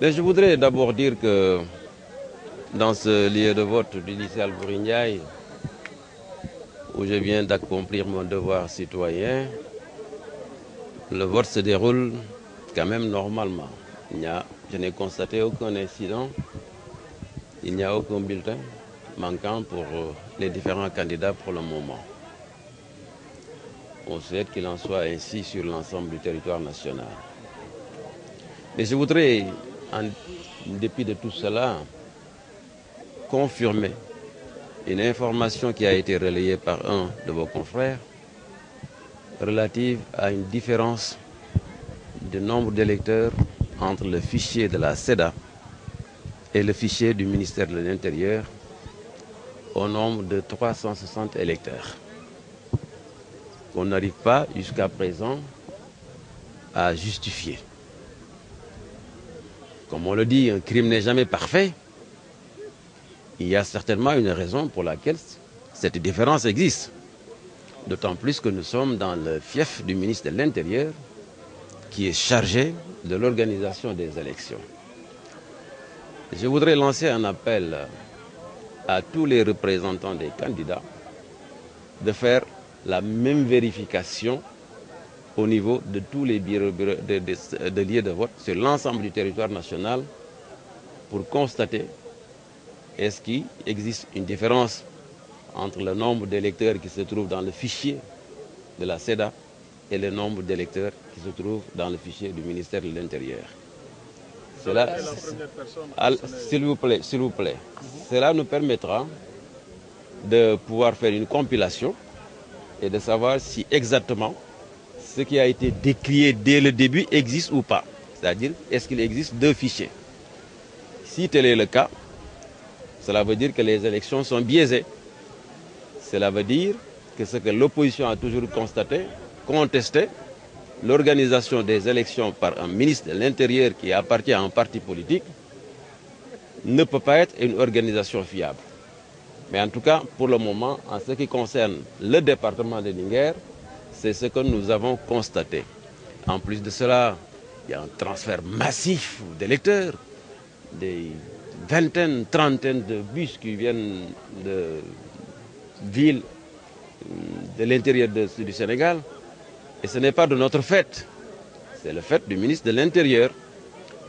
Mais je voudrais d'abord dire que dans ce lieu de vote du lycée Albourignay, où je viens d'accomplir mon devoir citoyen, le vote se déroule quand même normalement. Il a, je n'ai constaté aucun incident, il n'y a aucun bulletin manquant pour euh, les différents candidats pour le moment. On souhaite qu'il en soit ainsi sur l'ensemble du territoire national. Mais je voudrais en dépit de tout cela, confirmé une information qui a été relayée par un de vos confrères relative à une différence de nombre d'électeurs entre le fichier de la SEDA et le fichier du ministère de l'Intérieur au nombre de 360 électeurs. qu'on n'arrive pas jusqu'à présent à justifier. Comme on le dit, un crime n'est jamais parfait. Il y a certainement une raison pour laquelle cette différence existe. D'autant plus que nous sommes dans le fief du ministre de l'Intérieur qui est chargé de l'organisation des élections. Je voudrais lancer un appel à tous les représentants des candidats de faire la même vérification au niveau de tous les bureaux, de, de, vote sur l'ensemble du territoire national pour constater est-ce qu'il existe une différence entre le nombre d'électeurs qui se trouvent dans le fichier de la SEDA et le nombre d'électeurs qui se trouvent dans le fichier du ministère de l'Intérieur. Cela, s'il vous plaît, s'il vous plaît, cela nous permettra de pouvoir faire une compilation et de savoir si exactement ce qui a été décrié dès le début existe ou pas. C'est-à-dire, est-ce qu'il existe deux fichiers Si tel est le cas, cela veut dire que les élections sont biaisées. Cela veut dire que ce que l'opposition a toujours constaté, contesté, l'organisation des élections par un ministre de l'Intérieur qui appartient à un parti politique, ne peut pas être une organisation fiable. Mais en tout cas, pour le moment, en ce qui concerne le département de Niger, c'est ce que nous avons constaté. En plus de cela, il y a un transfert massif d'électeurs, des vingtaines, trentaines de bus qui viennent de villes hum, de l'intérieur du Sénégal. Et ce n'est pas de notre fait, c'est le fait du ministre de l'Intérieur.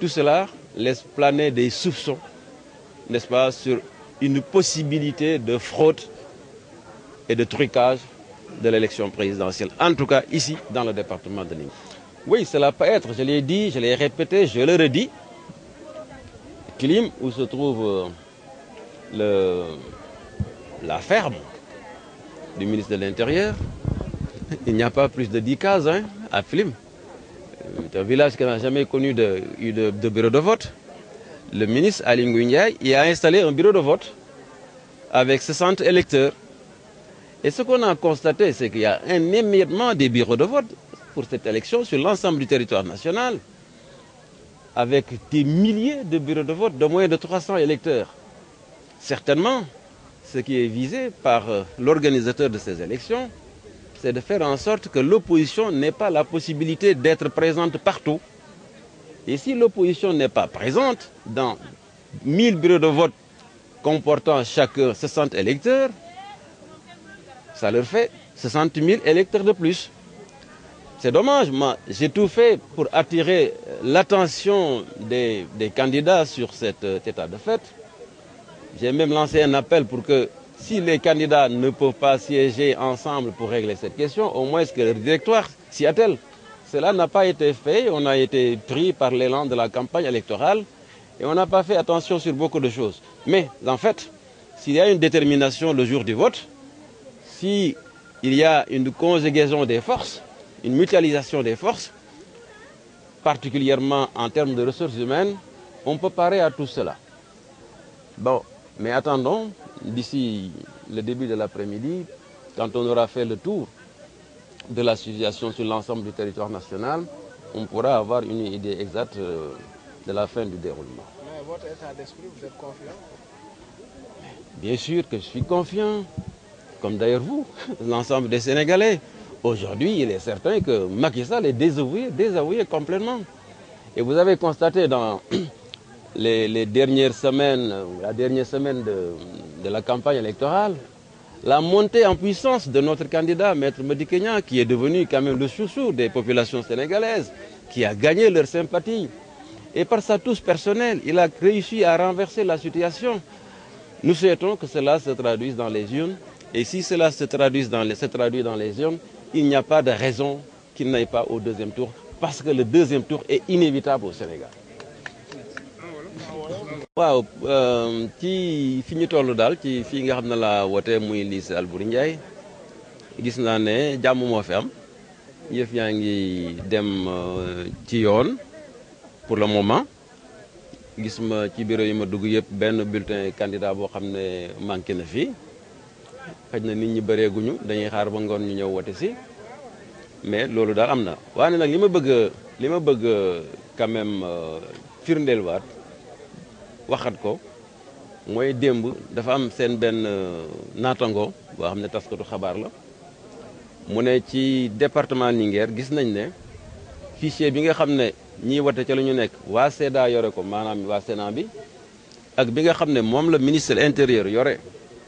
Tout cela laisse planer des soupçons, n'est-ce pas, sur une possibilité de fraude et de trucage de l'élection présidentielle, en tout cas ici dans le département de Nîmes. Oui, cela peut être, je l'ai dit, je l'ai répété, je le redis. Klim où se trouve euh, la ferme du ministre de l'Intérieur, il n'y a pas plus de 10 cases hein, à Klim. Euh, c'est un village qui n'a jamais connu de, bureau de vote. Le ministre Alim y a installé un bureau de vote avec 60 électeurs. Et ce qu'on a constaté, c'est qu'il y a un émiettement des bureaux de vote pour cette élection sur l'ensemble du territoire national, avec des milliers de bureaux de vote de moins de 300 électeurs. Certainement, ce qui est visé par euh, l'organisateur de ces élections, c'est de faire en sorte que l'opposition n'ait pas la possibilité d'être présente partout. Et si l'opposition n'est pas présente dans 1000 bureaux de vote comportant chacun 60 électeurs, ça leur fait 60 000 électeurs de plus. C'est dommage, moi j'ai tout fait pour attirer euh, l'attention des, candidats sur cet, euh, état de fait. J'ai même lancé un appel pour que si les candidats ne peuvent pas siéger ensemble pour régler cette question, au moins est-ce que le directoire s'y attelle Cela n'a pas été fait, on a été pris par l'élan de la campagne électorale et on n'a pas fait attention sur beaucoup de choses. Mais en fait, s'il y a une détermination le jour du vote, si il y a une conjugaison des forces, une mutualisation des forces, particulièrement en termes de ressources humaines, on peut parer à tout cela. Bon, mais attendons, d'ici le début de l'après-midi, quand on aura fait le tour de la situation sur l'ensemble du territoire national, on pourra avoir une idée exacte euh, de la fin du déroulement. Mais votre état d'esprit, vous êtes confiant Bien sûr que je suis confiant comme d'ailleurs vous, l'ensemble des Sénégalais. Aujourd'hui, il est certain que Macky Sall est désavoué, désavoué complètement. Et vous avez constaté dans les, dernières semaines, la dernière semaine de, la campagne électorale, la montée en puissance de notre candidat, Maître Medi qui est devenu quand même le chouchou des populations sénégalaises, qui a gagné leur sympathie. Et par sa touche personnelle, il a réussi à renverser la situation. Nous souhaitons que cela se traduise dans les urnes et si cela se traduit dans les, se traduit dans les urnes, il n'y a pas de raison qu'il n'aille pas au deuxième tour, parce que le deuxième tour est inévitable au Sénégal. waaw euh, ci finit au toll qui ci fii nga xam ne laa wote muy Lise Albouri Ndiaye gis naa ne jàmm fi am yëf yaa dem euh, ci pour le moment gis ma ci bureau yi ma dugg bulletin candidat pour xam ne xëj na nit ñi bareeguñu dañuy xaar ba ngoon ñu ñëw wote si mais loolu daal am na waaye nag li ma bëgg li ma bëgg quand même euh, firndeel waat waxat ko mooy démb dafa am seen benn euh, naatango boo xam ne taskatu xabaar la mu ne ci département Linguère gis nañ ne fichier bi nga xam ne ñiy wate ca la ñu nekk waa SEDA yore ko maanaam waa Sénat bi ak bi nga xam ne moom la ministre intérieur yore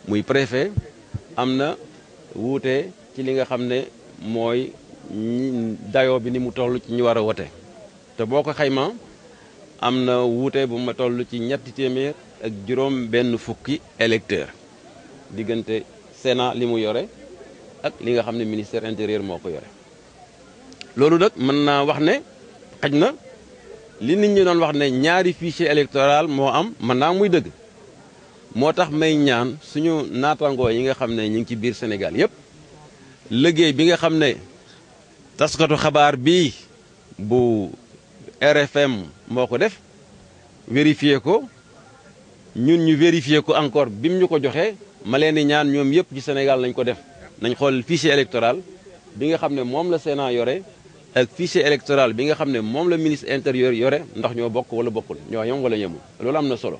muy préfet am na wuute ci li nga xam ne mooy dayo bi ni mu toll ci ñu war a wote te boo ko xayma am na wuute bu ma toll ci ñetti téeméer ak juróom benn fukki électeur diggante Sénat li mu yore ak li nga xam ne ministère intérieur moo ko yore loolu nag mën naa wax ne xaj na li nit ñi doon wax ne ñaari fichier électoral moo am mën naa muy dëgg moo tax may ñaan suñu naatangoo yi nga xam ne ñu ngi ci biir Sénégal yëpp liggéey bi nga xam ne taskatu xabaar bii bu RFM moo ko def vérifié ko ñun ñu vérifié ko encore bi mu ñu ko joxee ma leen di ñaan ñoom yëpp ci Sénégal lañ ko def nañ xool fichier électoral bi nga xam ne moom la Sénat yore ak fichier électoral bi nga xam ne moom la ministre intérieur yore ndax ñoo bokk wala bokkul ñoo yem wala yemul loolu am na solo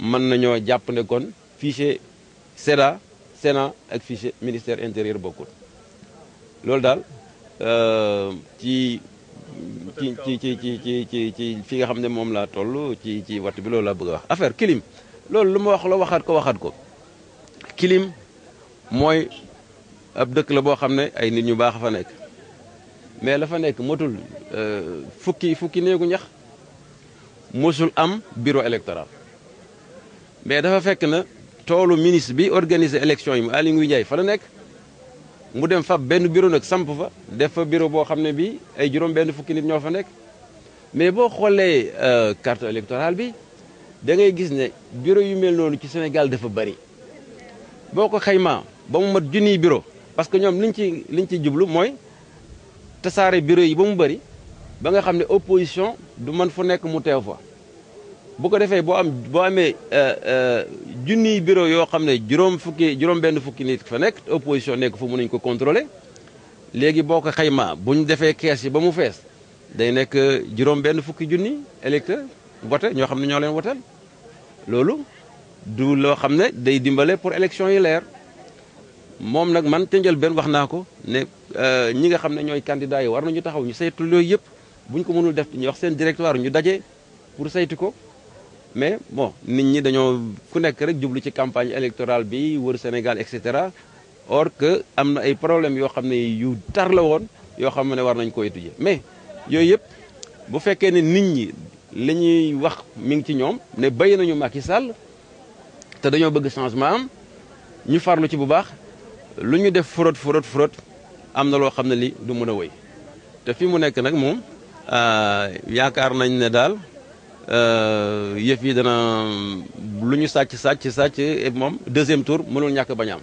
mën nañoo jàpp ne kon fichier SEDA Sénat ak fichier ministère intérieur bokkut loolu daal euh, ci ci ci ci ci ci ci fi nga xam ne moom laa toll ci ci watt bi loolu laa bëgg a wax affaire kilim loolu lu ma wax la waxaat ko waxaat ko kilim mooy ab dëkk la boo xam ne ay nit ñu baax a fa nekk mais la fa nekk motul euh, fukki fukki néegu ñax mosul am biro électoral mais dafa fekk na toolu ministre bi organiser élection yi mu Aly Ngouille Ndiaye fa la nekk mu dem fab benn bureau nag samp fa def fa bureau boo xam ne bii ay juróom benn fukki nit ñoo fa nekk mais boo xoolee euh, carte électorale bi da ngay gis ne bureau yu mel noonu ci Sénégal dafa bari boo ko xaymaa ba mu mat junniy bureau parce que ñoom liñ ci liñ ci jublu mooy tasaare bureau yi ba mu bari ba nga xam ne opposition du mën fu nekk mu teew fa bu ko defee boo am boo amee euh, euh, junniy bureau yoo xam ne juróom fukki juróom benn fukki nit fa nekk opposition nekk fu mun nañu ko contrôler léegi boo ko xaymaa bu ñu defee kees yi ba mu fees day nekk juróom benn fukki junni électeur vote ñoo xam ne ñoo leen woteel loolu du loo xam ne day dimbale pour élection yi leer moom nag man te jël benn wax naa ko ne euh, ñi nga xam ne ñooy candidats yi war ñu taxaw ñu saytu loolu yëpp bu ñu ko mënul def ñu wax seen directoire ñu daje pour saytu ko mais bon nit ñi dañoo ku nekk rek jublu ci campagne électorale bi wër Sénégal et cetera or que am na ay problèmes yoo xam ne yu tar la woon yoo xam ne war nañ ko étudier mais yooyu yëpp bu fekkee ne nit ñi li ñuy wax mi ngi ci ñoom ne bay nañu maak i Sall te dañoo bëgg changement am ñu farlu ci bu baax lu ñu def fraude fraude fraude am na loo xam ne li du mën a woy te fi mu nekk nag moom euh, yaakaar nañ ne daal. Euh, yëf yi dana lu ñu sàcc sàcc sàcc moom deuxième tour mënul ñàkk bañ am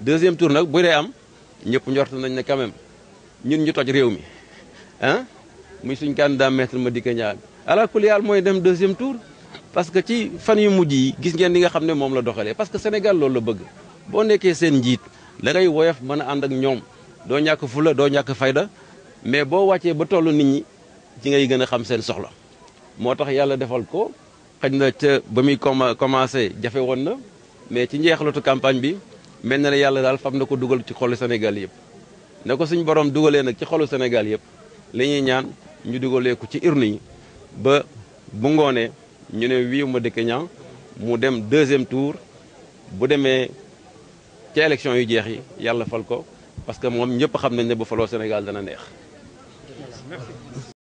deuxième tour nag bu dee am ñëpp njort nañ ne quand même ñun ñu toj réew mi ah muy suñ candidat maître Madické Niang ala kulli mooy dem deuxième tour parce que ci fan yu mujj yi gis ngeen li nga xam ne moom la doxalee parce que Sénégal loolu la bëgg boo nekkee seen njiit da ngay woyof mën a ànd ak ñoom doo ñàkk fula doo ñàkk fayda mais boo wàccee ba toll nit ñi ci ngay gën a xam seen soxla motax yalla defal ko xëy ci bamuy commencer muy commencé na mais ci njeexlatu campagne bi melna yalla dal fam na ko dugal ci xol Sénégal yépp ne ko suñ borom duggalé nak ci xol Sénégal yépp li ñuy ñaan ñu dugalee ko ci urne yi ba bu ngone ñu ne wii Madické Niang mu dem deuxième tour bu démé ci élection yu jeex yi yalla fal ko parce que mom ñëpp xam nañ né bu faloo Sénégal dana neex.